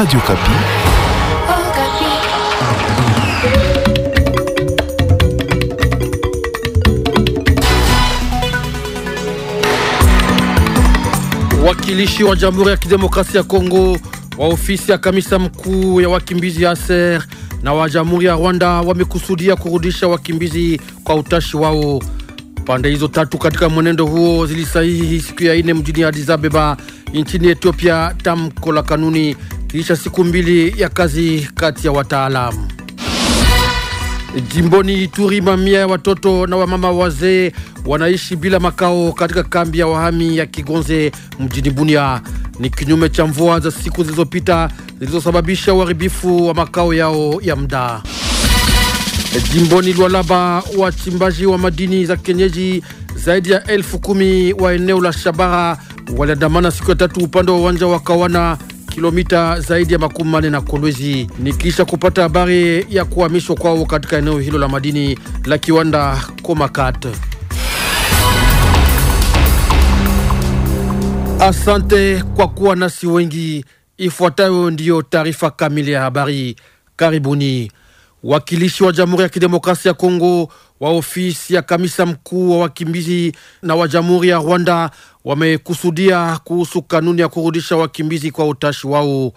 Radio Kapi. Wakilishi wa Jamhuri ya Kidemokrasia ya Kongo wa ofisi ya kamisa mkuu ya wakimbizi ya ASER na wa Jamhuri ya Rwanda wamekusudia kurudisha wakimbizi kwa utashi wao. Pande hizo tatu katika mwenendo huo zilisahihi siku ya ine mjini Addis Ababa nchini Ethiopia tamko la kanuni kisha siku mbili ya kazi kati ya wataalamu. Jimboni Ituri, mamia ya watoto na wamama wazee wanaishi bila makao katika kambi ya wahami ya Kigonze mjini Bunia. Ni kinyume cha mvua za siku zilizopita zilizosababisha uharibifu wa makao yao ya muda. Jimboni Lualaba, wachimbaji wa madini za kienyeji zaidi ya elfu kumi wa eneo la Shabara waliandamana siku ya tatu upande wa uwanja wa Kawana kilomita zaidi ya makumi manne na Kolwezi. Ni kisha kupata habari ya kuhamishwa kwao katika eneo hilo la madini la kiwanda Komakat. Asante kwa kuwa nasi wengi. Ifuatayo ndiyo taarifa kamili ya habari. Karibuni. Wakilishi wa Jamhuri ya Kidemokrasia ya Kongo wa ofisi ya kamisa mkuu wa wakimbizi na wa Jamhuri ya Rwanda wamekusudia kuhusu kanuni ya kurudisha wakimbizi kwa utashi wao.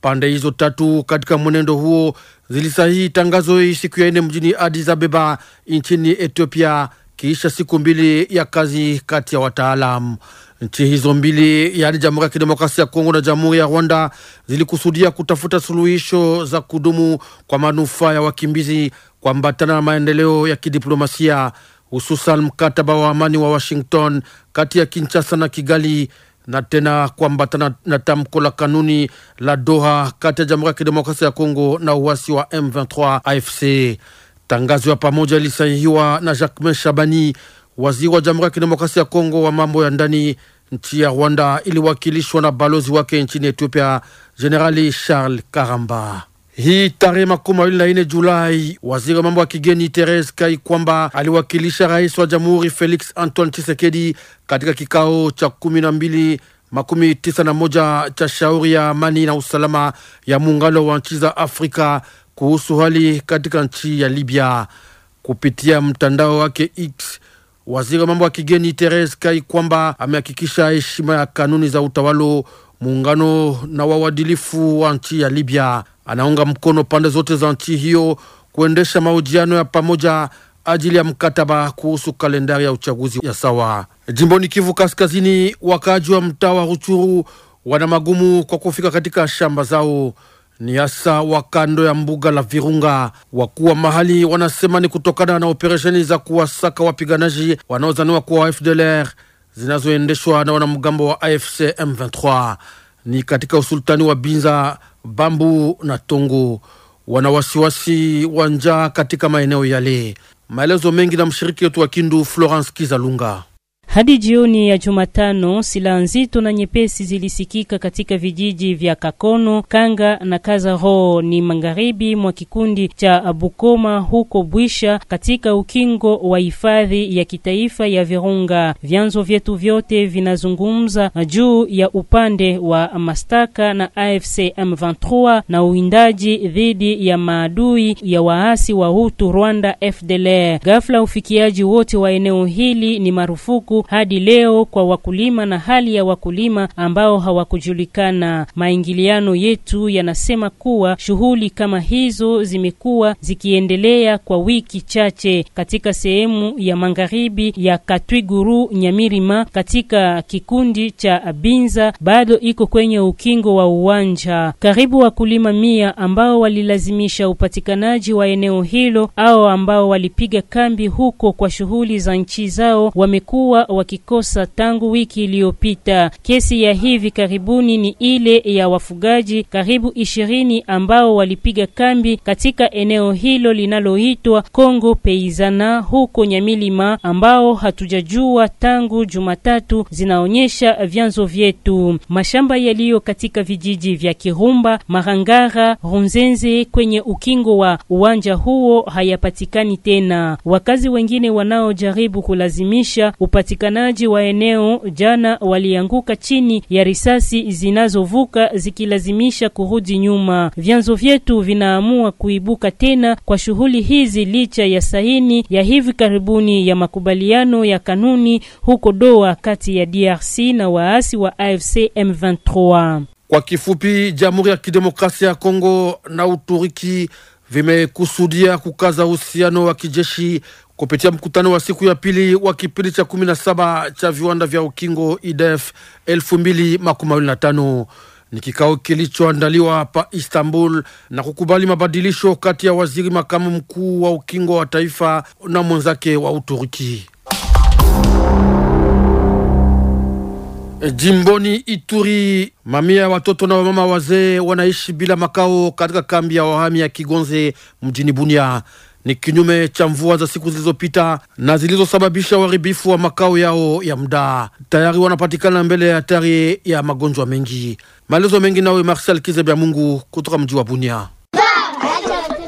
Pande hizo tatu katika mwenendo huo zilisahihi tangazo hii siku ya nne mjini Addis Ababa nchini Ethiopia, kisha siku mbili ya kazi kati ya wataalam. Nchi hizo mbili, yaani Jamhuri ya Kidemokrasia ya Kongo na Jamhuri ya Rwanda, zilikusudia kutafuta suluhisho za kudumu kwa manufaa ya wakimbizi kuambatana na maendeleo ya kidiplomasia hususan mkataba wa amani wa Washington kati ya Kinshasa na Kigali na tena kuambatana na tamko la kanuni la Doha kati ya Jamhuri ya Kidemokrasia ya Kongo na uasi wa M23 AFC. Tangazo ya pamoja ilisainiwa na Jacquemain Shabani, waziri wa Jamhuri ya Kidemokrasia ya Kongo wa mambo ya ndani. Nchi ya Rwanda iliwakilishwa na balozi wake nchini Ethiopia, Generali Charles Karamba. Hii tarehe makumi mawili na ine Julai, waziri wa mambo ya kigeni Teres Kai kwamba aliwakilisha rais wa jamhuri Felix Antoine Chisekedi katika kikao cha kumi na mbili makumi tisa na moja cha shauri ya amani na usalama ya muungano wa nchi za Afrika kuhusu hali katika nchi ya Libya. Kupitia mtandao wake X, waziri wa mambo ya kigeni Teres Kai kwamba amehakikisha heshima ya kanuni za utawalo, muungano na wawadilifu wa nchi ya Libya anaunga mkono pande zote za nchi hiyo kuendesha mahojiano ya pamoja ajili ya mkataba kuhusu kalendari ya uchaguzi ya sawa. Jimboni Kivu Kaskazini, wakaaji wa mtaa wa Ruchuru wana magumu kwa kufika katika shamba zao, ni hasa wa kando ya mbuga la Virunga. Wakuu wa mahali wanasema ni kutokana na operesheni za kuwasaka wapiganaji wanaozaniwa kuwa FDLR zinazoendeshwa na wanamgambo wa AFC M23 ni katika usultani wa Binza Bambu na Tongo wana wasiwasi wa njaa katika maeneo yale. Maelezo mengi na mshiriki wetu wa Kindu Florence Kizalunga. Hadi jioni ya Jumatano, silaha nzito na nyepesi zilisikika katika vijiji vya Kakono, Kanga na Kazaro ni magharibi mwa kikundi cha Bukoma huko Bwisha katika ukingo wa hifadhi ya kitaifa ya Virunga. Vyanzo vyetu vyote vinazungumza juu ya upande wa mastaka na AFC M23 na uwindaji dhidi ya maadui ya waasi wa Hutu Rwanda FDLR. Ghafla ufikiaji wote wa eneo hili ni marufuku hadi leo kwa wakulima na hali ya wakulima ambao hawakujulikana. Maingiliano yetu yanasema kuwa shughuli kama hizo zimekuwa zikiendelea kwa wiki chache katika sehemu ya magharibi ya Katwiguru Nyamirima, katika kikundi cha Abinza bado iko kwenye ukingo wa uwanja. Karibu wakulima mia ambao walilazimisha upatikanaji wa eneo hilo au ambao walipiga kambi huko kwa shughuli za nchi zao wamekuwa wakikosa tangu wiki iliyopita. Kesi ya hivi karibuni ni ile ya wafugaji karibu ishirini ambao walipiga kambi katika eneo hilo linaloitwa Kongo Peizana huko Nyamilima, ambao hatujajua tangu Jumatatu, zinaonyesha vyanzo vyetu. Mashamba yaliyo katika vijiji vya Kirumba, Marangara, Runzenze kwenye ukingo wa uwanja huo hayapatikani tena. Wakazi wengine wanaojaribu kulazimisha upatikani wapatikanaji wa eneo jana walianguka chini ya risasi zinazovuka zikilazimisha kurudi nyuma. Vyanzo vyetu vinaamua kuibuka tena kwa shughuli hizi licha ya saini ya hivi karibuni ya makubaliano ya kanuni huko Doha kati ya DRC na waasi wa AFC M23. Kwa kifupi, Jamhuri ya Kidemokrasia ya Kongo na uturiki vimekusudia kukaza uhusiano wa kijeshi Kupitia mkutano wa siku ya pili wa kipindi cha 17 cha viwanda vya ukingo IDEF 2025 ni kikao kilichoandaliwa pa Istanbul na kukubali mabadilisho kati ya waziri makamu mkuu wa ukingo wa taifa na mwenzake wa Uturuki. Jimboni Ituri, mamia ya watoto na wamama wazee wanaishi bila makao katika kambi ya wahami ya Kigonze mjini Bunia ni kinyume cha mvua za siku zilizopita na zilizosababisha uharibifu wa makao yao ya muda. Tayari wanapatikana mbele ya hatari ya magonjwa mengi. Maelezo mengi nawe Marcel Kizebya Mungu kutoka mji wa Bunia.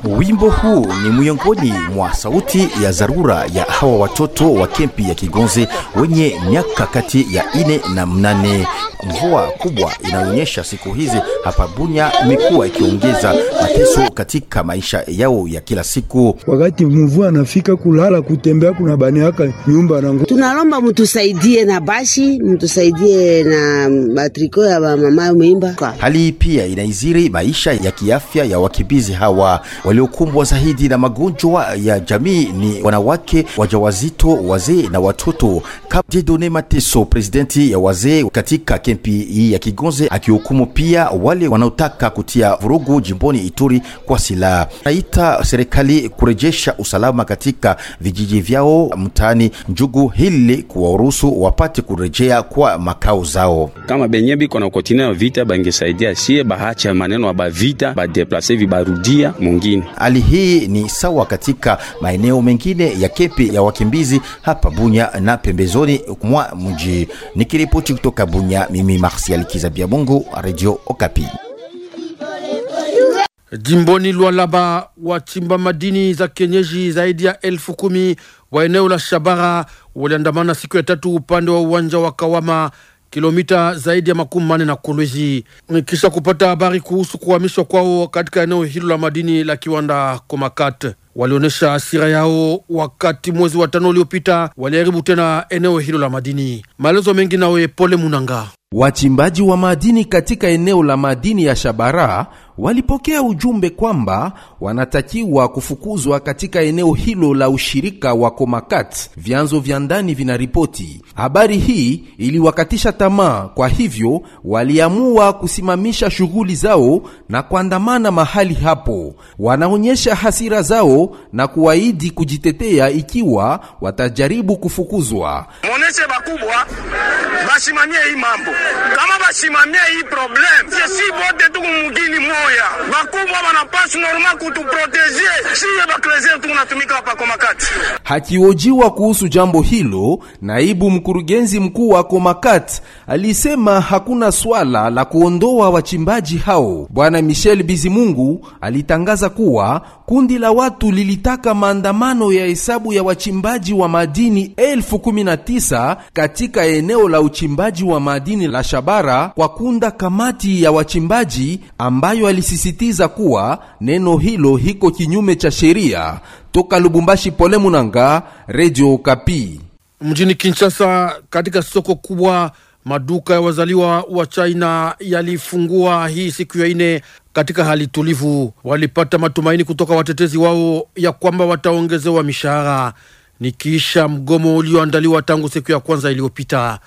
Wimbo huu ni miongoni mwa sauti ya dharura ya hawa watoto wa kempi ya Kigonze wenye miaka kati ya ine na mnane. Mvua kubwa inaonyesha siku hizi hapa Bunya imekuwa ikiongeza mateso katika maisha yao ya kila siku. Wakati mvua anafika, kulala kutembea kuna baneaka nyumba nangu. Tunalomba mtusaidie na bashi, mtusaidie na matriko ya mama mimba. Hali pia inaiziri maisha ya kiafya ya wakimbizi hawa Waliokumbwa zaidi na magonjwa ya jamii ni wanawake wajawazito, wazee na watoto. Jedone Mateso, presidenti ya wazee katika kempi hii ya Kigonze, akihukumu pia wale wanaotaka kutia vurugu jimboni Ituri kwa silaha. Naita serikali kurejesha usalama katika vijiji vyao mtaani Njugu hili kuwaruhusu wapate kurejea kwa makao zao. Kama benye biko na kotina vita bangesaidia sie bahacha maneno ya bavita badeplase vibarudia mungine Hali hii ni sawa katika maeneo mengine ya kepi ya wakimbizi hapa Bunya na pembezoni mwa mji. Nikiripoti kutoka Bunya, mimi Martial Kizabia Mungu, Radio Okapi. Jimboni Lualaba, wachimba madini za kienyeji zaidi ya elfu kumi wa eneo la Shabara waliandamana siku ya tatu upande wa uwanja wa Kawama kilomita zaidi ya makumi manne na Kolwezi, kisha kupata habari kuhusu kuhamishwa kwao katika eneo hilo la madini la kiwanda Komakat. Walionyesha hasira yao wakati mwezi wa tano uliopita waliharibu tena eneo hilo la madini. Maelezo mengi nawe Pole Munanga. Wachimbaji wa madini katika eneo la madini ya Shabara walipokea ujumbe kwamba wanatakiwa kufukuzwa katika eneo hilo la ushirika wa Komakat, vyanzo vya ndani vinaripoti. Habari hii iliwakatisha tamaa, kwa hivyo waliamua kusimamisha shughuli zao na kuandamana mahali hapo. Wanaonyesha hasira zao na kuahidi kujitetea ikiwa watajaribu kufukuzwa tuache bakubwa basimamie hii mambo, kama basimamie hii problem, si bote tuku mugini moya. Bakubwa banapasi normal kutuproteje, siye baklezie tunatumika hapa kwa makati. kuhusu jambo hilo, naibu mkurugenzi mkuu wa Komakat alisema hakuna swala la kuondoa wachimbaji hao. Bwana Michel Bizimungu alitangaza kuwa kundi la watu lilitaka maandamano ya hesabu ya wachimbaji wa madini elfu kumi na tisa katika eneo la uchimbaji wa madini la Shabara kwa kunda kamati ya wachimbaji ambayo alisisitiza kuwa neno hilo hiko kinyume cha sheria. Toka Lubumbashi, Pole Munanga, Radio Kapi. Mjini Kinshasa, katika soko kubwa Maduka ya wazaliwa wa China yalifungua hii siku ya ine katika hali tulivu. Walipata matumaini kutoka watetezi wao ya kwamba wataongezewa mishahara nikiisha mgomo ulioandaliwa tangu siku ya kwanza iliyopita.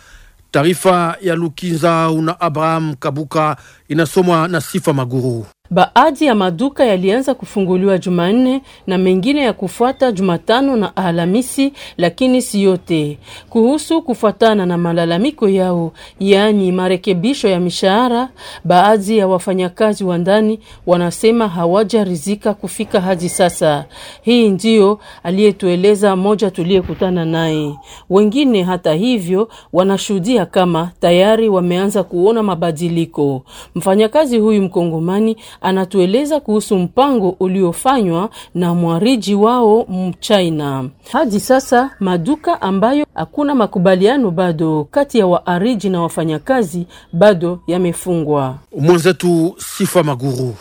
Taarifa ya Lukinza una Abraham Kabuka inasomwa na Sifa Maguru. Baadhi ya maduka yalianza kufunguliwa Jumanne na mengine ya kufuata Jumatano na Alhamisi, lakini si yote. Kuhusu kufuatana na malalamiko yao, yaani marekebisho ya mishahara, baadhi ya wafanyakazi wa ndani wanasema hawajarizika kufika hadi sasa. Hii ndiyo aliyetueleza mmoja tuliyekutana naye. Wengine hata hivyo wanashuhudia kama tayari wameanza kuona mabadiliko. Mfanyakazi huyu mkongomani anatueleza kuhusu mpango uliofanywa na mwariji wao Mchina. Hadi sasa maduka ambayo hakuna makubaliano bado kati ya waariji na wafanyakazi bado yamefungwa. Mwenzetu Sifa Maguru.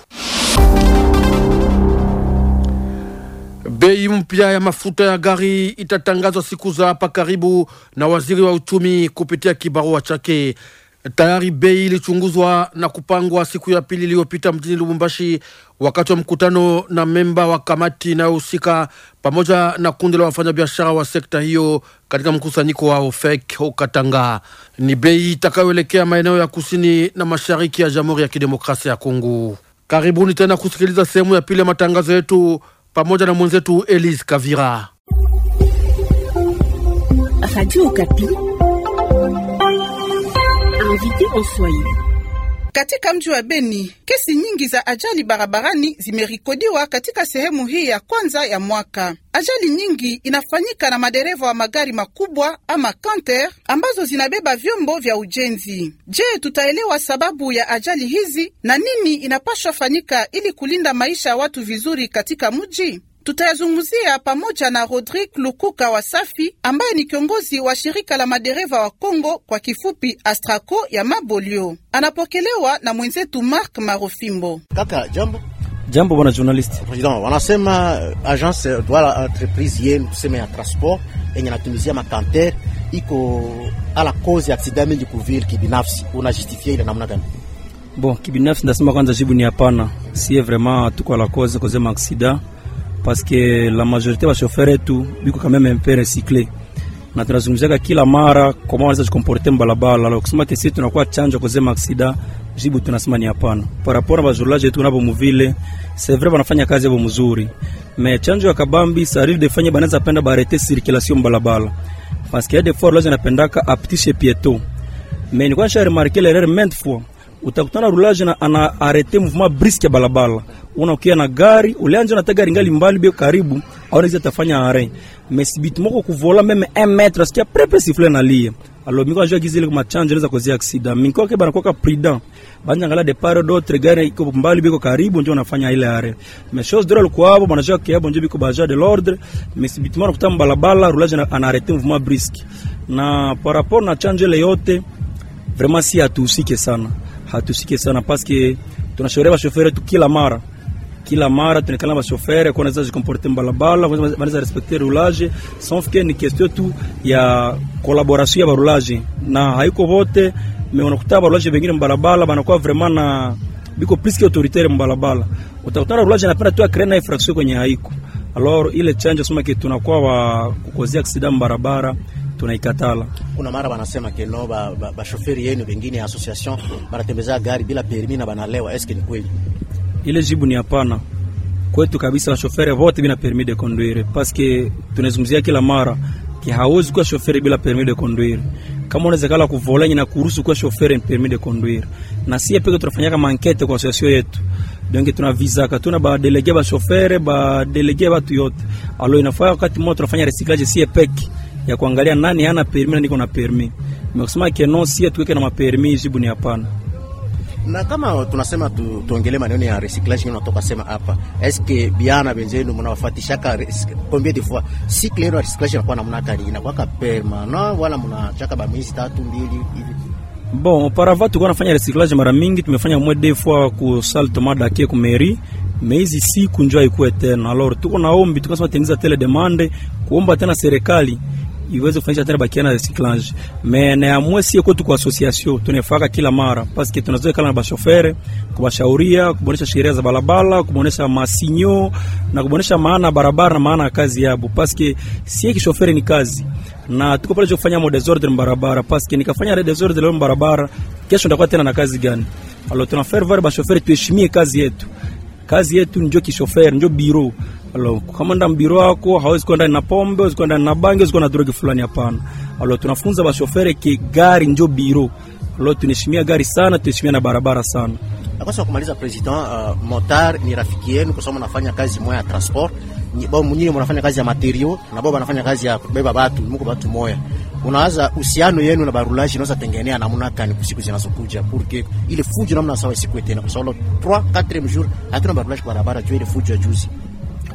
Bei mpya ya mafuta ya gari itatangazwa siku za hapa karibu na waziri wa uchumi kupitia kibarua chake. Tayari bei ilichunguzwa na kupangwa siku ya pili iliyopita mjini Lubumbashi wakati wa mkutano na memba wa kamati inayohusika pamoja na kundi la wafanyabiashara wa sekta hiyo katika mkusanyiko wa OFEC Katanga. Ni bei itakayoelekea maeneo ya kusini na mashariki ya Jamhuri ya Kidemokrasia ya Kongo. Karibuni tena kusikiliza sehemu ya pili ya matangazo yetu pamoja na mwenzetu Elise Kavira. Radio Kapi. Invité en Swahili. Katika mji wa Beni, kesi nyingi za ajali barabarani zimerikodiwa katika sehemu hii ya kwanza ya mwaka. Ajali nyingi inafanyika na madereva wa magari makubwa ama canter ambazo zinabeba vyombo vya ujenzi. Je, tutaelewa sababu ya ajali hizi na nini inapaswa fanyika ili kulinda maisha ya watu vizuri katika mji? Tutayazungumzia pamoja na Rodrigue Lukuka wa Safi ambaye ni kiongozi wa shirika la madereva wa congo kwa kifupi Astraco ya Mabolio. Anapokelewa na mwenzetu Mark Marofimbo. Kaka, jambo. Jambo bwana journalist. President, wanasema euh, agence wala euh, entreprise yenu tuseme ya transport yenye natumizia makanter iko ala cause ya accident mingi kuvile kibinafsi. Unajustifia ile namna gani? Bon, kibinafsi ndasema kwanza jibu ni hapana. Si vraiment tuko ala cause kozema accident parce que la majorité wa chauffeur yetu biko quand même un peu recyclé na tunazungumziaka kila mara kama wanaweza jikomporte mbalabala la kusema kesi tunakuwa chanjo kuzema aksida jibu tunasema ni hapana. Par rapport na bajourlage yetu nabo muvile, c'est vrai banafanya kazi yabo mzuri, mais chanjo ya kabambi sarif defanye banaweza penda barete circulation mbalabala parce que des fois napendaka aptishe pieto mais ni kwa shari marquer l'erreur utakutana rulage na ana arete mouvement briske balabala, unakia na gari ulianja natega ringali mbali bio karibu aonaweza tafanya arrange mesibit moko kuvola meme 1 metre sikia prepe sifle na lia alors miko ajua gizile kwa chanjo inaweza kozia accident miko ke bana koka prudent banja ngala de part d'autre gari iko mbali biko karibu ndio unafanya ile arrange mais chose de kwa hapo bana jua ke hapo biko baja de l'ordre mesibit moko kutamba balabala roulage ana arete mouvement briske na par rapport na chanjo ile yote vraiment si atuhusike sana hatushike sana paske tunashauri bashofere tu kila mara kila mara tunekana bashofere kwa naza jikomporte mbalabala wanaweza respekte roulage sauf que ni question tu ya collaboration ya barulage na haiko vote me unakuta barulage bengine mbalabala banakuwa vraiment na biko plus que autoritaire mbalabala. Utakutana roulage anapenda tu akrea na infraction kwenye haiko alors ile chanjo sema ke tunakuwa wa kukozea accident barabara tunaikatala. Kuna mara wanasema keno bashoferi ba, ba yenu bengine ya association banatembeza gari bila permi na banalewa, eske ni kweli? Ile jibu ni hapana. Kwetu kabisa bashoferi wote bila permis de conduire, paske tunazungumzia kila mara ki hawezi kuwa shoferi bila permis de conduire. Kama unaweza kala kuvolenye na kuruhusu kuwa shoferi permis de conduire, na sie peke tunafanya kama ankete kwa association yetu donc ka tuna ba ba delegue badelege bashofere badelege batu yote alo inafaa wakati mmoja tunafanya recyclage sie peke ya kuangalia nani hana permi na niko na permi. Nimekusema keno si tuweke na mapermi, jibu ni hapana. Na kama tunasema tu, tuongele maneno ya recyclage ni natoka sema hapa. Eske biana benzenu mnawafatisha ka combien de fois cycle ya recyclage kwa namna kali kwa ka Na wala mnachaka ba miezi tatu mbili hivi. Bon, auparavant tulikuwa nafanya recyclage mara mingi, tumefanya mwe deux fois ku salt mada kia ku meri. Mezi siku njoo ikuwe tena. Alors tuko naombi tukasema teniza tele demande kuomba tena serikali iweze kufanyisha tena bakiana na recyclage me naamua sio kwetu kwa association tunafaka kila mara paske tunaweza kala na bashofere kubashauria kubonesha sheria za barabara kubonesha masinyo na kubonesha maana barabara na maana ya kazi yabo paske sie kishofere ni kazi na tuko pale kufanya mo desordre mbarabara paske nikafanya re desordre leo mbarabara kesho nitakuwa tena na kazi gani alo tunafaa vare bashofere tuheshimie kazi yetu Kazi yetu njo kishofer, njo biro. Alo, kama nda mbiro yako hawezi kwenda na pombe, hawezi kwenda na bangi, hawezi kwenda na drogi fulani, hapana. Alo, tunafunza bashofere ke gari njo biro. Alo, tunaheshimia gari sana, tunaheshimia na barabara sana. Na kwa kumaliza president, uh, motar ni rafiki yenu kwa sababu nafanya kazi moya ya transport. Ni bao mnyinyi mnafanya kazi ya materio na bao banafanya kazi ya kubeba watu mko watu moya unaanza uhusiano yenu na barulaji unaanza tengenea namna gani kusiku zinazokuja, porque ile fujo namna sawa isikuwe tena, kwa sababu 3 4 jours hatuna barulaji kwa barabara juu ile fujo ya juzi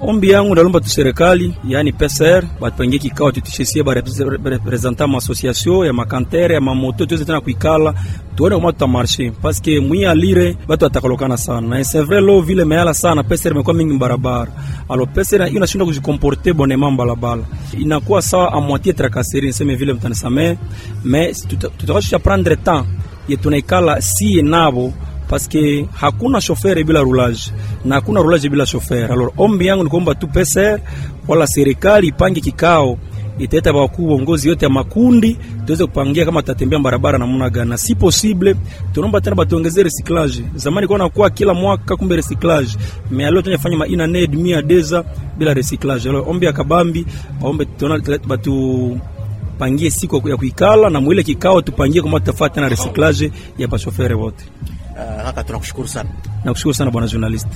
Ombi yangu ndalomba tu serikali yani PCR batupangie kikao tutishesie ba representant ma association ya makantere ya mamoto tuweze tena kuikala tuone kama tutamarshe paske mwi alire batu atakalokana sana na c'est vrai lo vile meala sana PCR imekuwa mingi barabara alo PCR hiyo inashinda kujikomporter bonnement balabala inakuwa sawa a moitié tracasserie niseme vile mtanisamee mais tutakwisha temps yetunaikala si nabo paske hakuna shofere bila roulage na hakuna roulage bila shofere. Alors ombi yangu ni kuomba tu PCR wala serikali ipange kikao itaita wakuu uongozi yote ya makundi tuweze kupangia kama tutatembea barabara namna gani, na si possible, tunaomba tena batuongezee recyclage. Zamani kwa nakuwa kila mwaka, kumbe recyclage mealeo tunafanya maina ned mia deza bila recyclage. Alors ombi akabambi baombe tuna batu pangie siku ya kuikala na mwile kikao tupangie kama tutafuata na recyclage ya bashofere wote. Kaka, eh, tunakushukuru sana. Nakushukuru sana bwana journalist.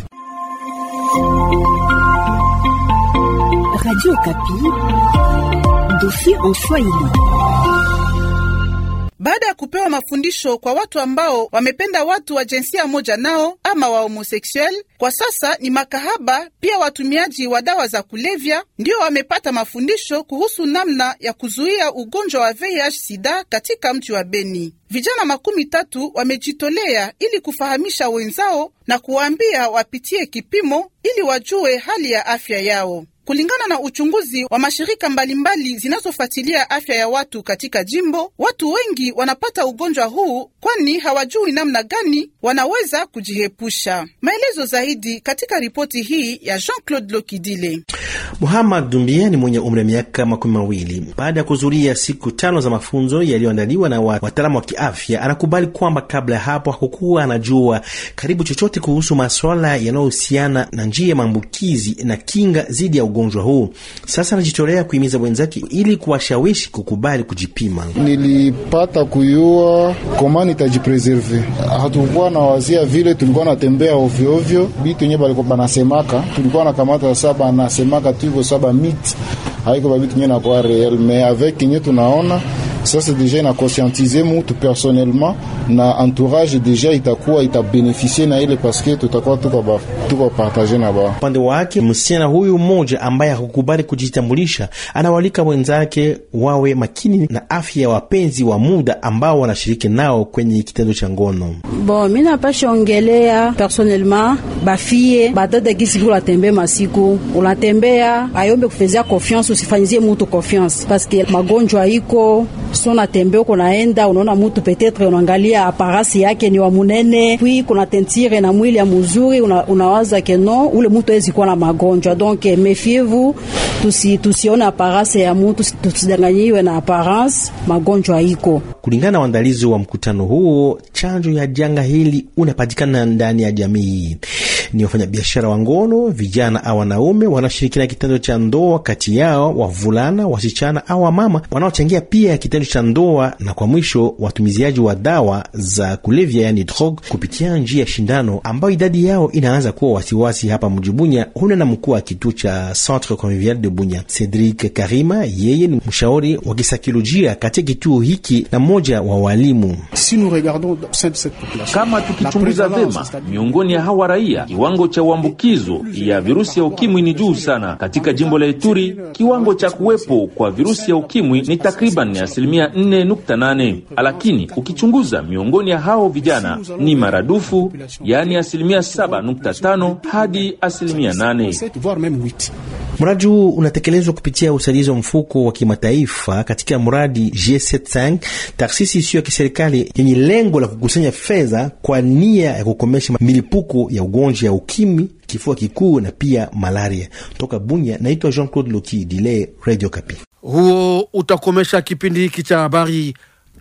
Radio Kapi, dossier en Swahili baada ya kupewa mafundisho kwa watu ambao wamependa watu wa jinsia moja nao ama wa homoseksuel. Kwa sasa ni makahaba pia watumiaji wa dawa za kulevya ndio wamepata mafundisho kuhusu namna ya kuzuia ugonjwa wa VIH sida katika mji wa Beni. Vijana makumi tatu wamejitolea ili kufahamisha wenzao na kuwaambia wapitie kipimo ili wajue hali ya afya yao. Kulingana na uchunguzi wa mashirika mbalimbali zinazofuatilia afya ya watu katika jimbo, watu wengi wanapata ugonjwa huu, kwani hawajui namna gani wanaweza kujihepusha. Maelezo zaidi katika ripoti hii ya Jean-Claude Lokidile. Muhammad Dumbiani mwenye umri wa miaka makumi mawili baada ya kuzuria siku tano za mafunzo yaliyoandaliwa na wataalamu wa kiafya, anakubali kwamba kabla ya hapo hakukuwa anajua karibu chochote kuhusu maswala yanayohusiana na njia ya maambukizi na kinga dhidi ya ugonjwa huu. Sasa anajitolea kuhimiza wenzake ili kuwashawishi kukubali kujipima. Nilipata kuyua koma nitajipreserve, hatukuwa na wazia vile, tulikuwa natembea ovyoovyo, bitu enyewe balikuwa banasemaka, tulikuwa nakamata saba nasemaka sportive saba mit haiko babiki nye kwa real me avec nyetu naona Sasa conscientisé moi tout personnellement na entourage, deja itakuwa bénéficié na ile paske tutakuwa tuko partage na ba upande wake. na huyu mmoja ambaye hakukubali kujitambulisha anawalika wenzake wawe makini na afya ya wapenzi wa muda ambao wanashiriki nao kwenye kitendo cha ngono. Bon, mimi napasha ongelea personnellement bafie batata kisi kula tembe masiku unatembea ayombe kufezea confiance, usifanyizie mtu confiance paske magonjwa iko so natembea, kunaenda unaona mutu petetre, unaangalia aparasi yake ni wa munene, puis kuna tentire na mwili ya muzuri, unawaza ke no ule mutu awezi kuwa na magonjwa. Donc eh, mefievu, tusione tusi aparasi ya mutu, tusidanganyiwe na aparasi, magonjwa iko kulingana na waandalizi wa mkutano huo. Chanjo ya janga hili unapatikana ndani ya jamii ni wafanyabiashara wa ngono, vijana au wanaume wanaoshirikiana kitendo cha ndoa kati yao, wavulana, wasichana au wamama wanaochangia pia kitendo cha ndoa, na kwa mwisho watumiziaji wa dawa za kulevya, yani drog, kupitia njia ya shindano, ambayo idadi yao inaanza kuwa wasiwasi hapa mjibunya huna na mkuu wa kituo cha Centre Convivial de Bunya, Cedric Karima, yeye ni mshauri wa kisaikolojia katika kituo hiki na mmoja wa walimu. Si kama tukichunguza vema miongoni ya hawa raia kiwango cha uambukizo ya virusi ya ukimwi ni juu sana. Katika jimbo la Ituri, kiwango cha kuwepo kwa virusi ya ukimwi ni takriban asilimia 4.8, lakini ukichunguza miongoni ya hao vijana ni maradufu, yaani asilimia 7.5 hadi asilimia 8. Mradi huu unatekelezwa kupitia usaidizi wa mfuko wa kimataifa katika mradi G75, taasisi isiyo ya kiserikali yenye lengo la kukusanya fedha kwa nia ya kukomesha milipuko ya ugonjwa ya ukimwi, kifua kikuu na pia malaria. Toka Bunya, naitwa Jean Claude Loki Dile, Radio Kapi. Huo utakomesha kipindi hiki cha habari.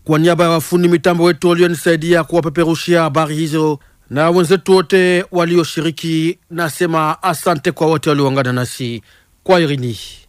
Kwa niaba ya wafundi mitambo wetu walionisaidia kuwapeperushia habari hizo na wenzetu wote walioshiriki, nasema asante kwa wote walioungana nasi kwa irini.